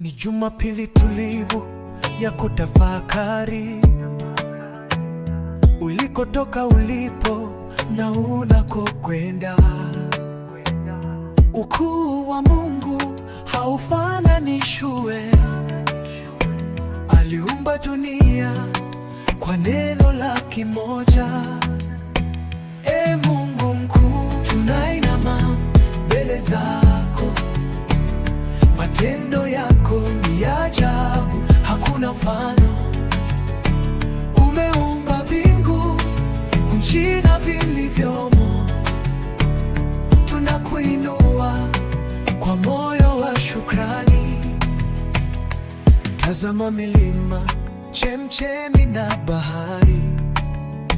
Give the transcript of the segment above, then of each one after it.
Ni Jumapili tulivu ya kutafakari ulikotoka, ulipo na unakokwenda. Ukuu wa Mungu haufananishwe. Aliumba dunia kwa neno la moja. E Mungu mkuu, tunainama mbele matendo yako ni ya ajabu, hakuna mfano. Umeumba mbingu, nchi na vilivyomo. Tunakuinua kwa moyo wa shukrani. Tazama milima, chemchemi na bahari,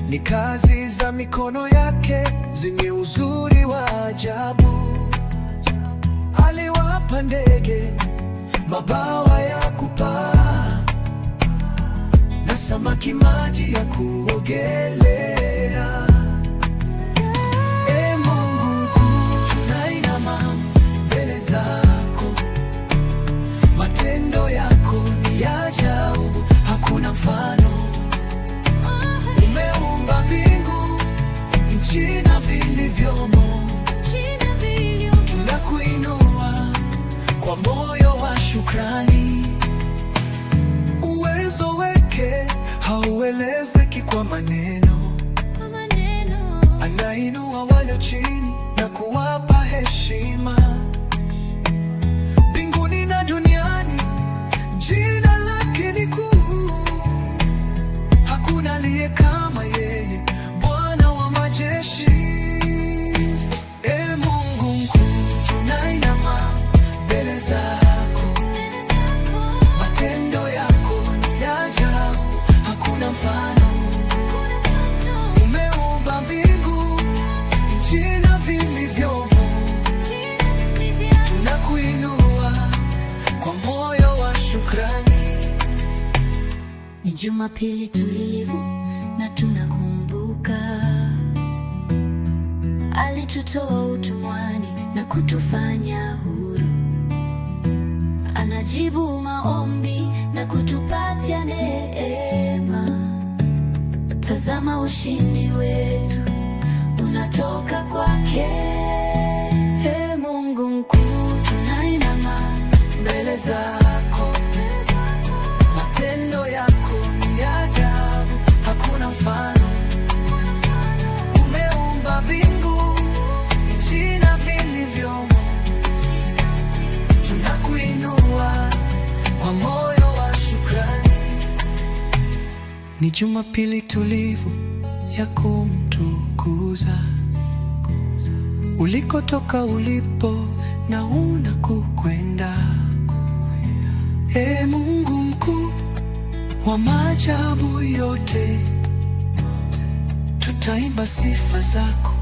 ni kazi za mikono yake zingi mabawa ya kupaa na samaki maji ya kuogelea. kwa maneno, maneno. Anainua walio chini na kuwapa heshima Jumapili tulivu na tunakumbuka, alitutoa utumwani na kutufanya huru, anajibu maombi na kutupatia neema. Tazama ushindi wetu unatoka kwake. Ni Jumapili tulivu ya kumtukuza ulikotoka, ulipo na kukwenda E Mungu mkuu wa maajabu yote, tutaimba sifa zako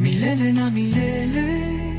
milele na milele.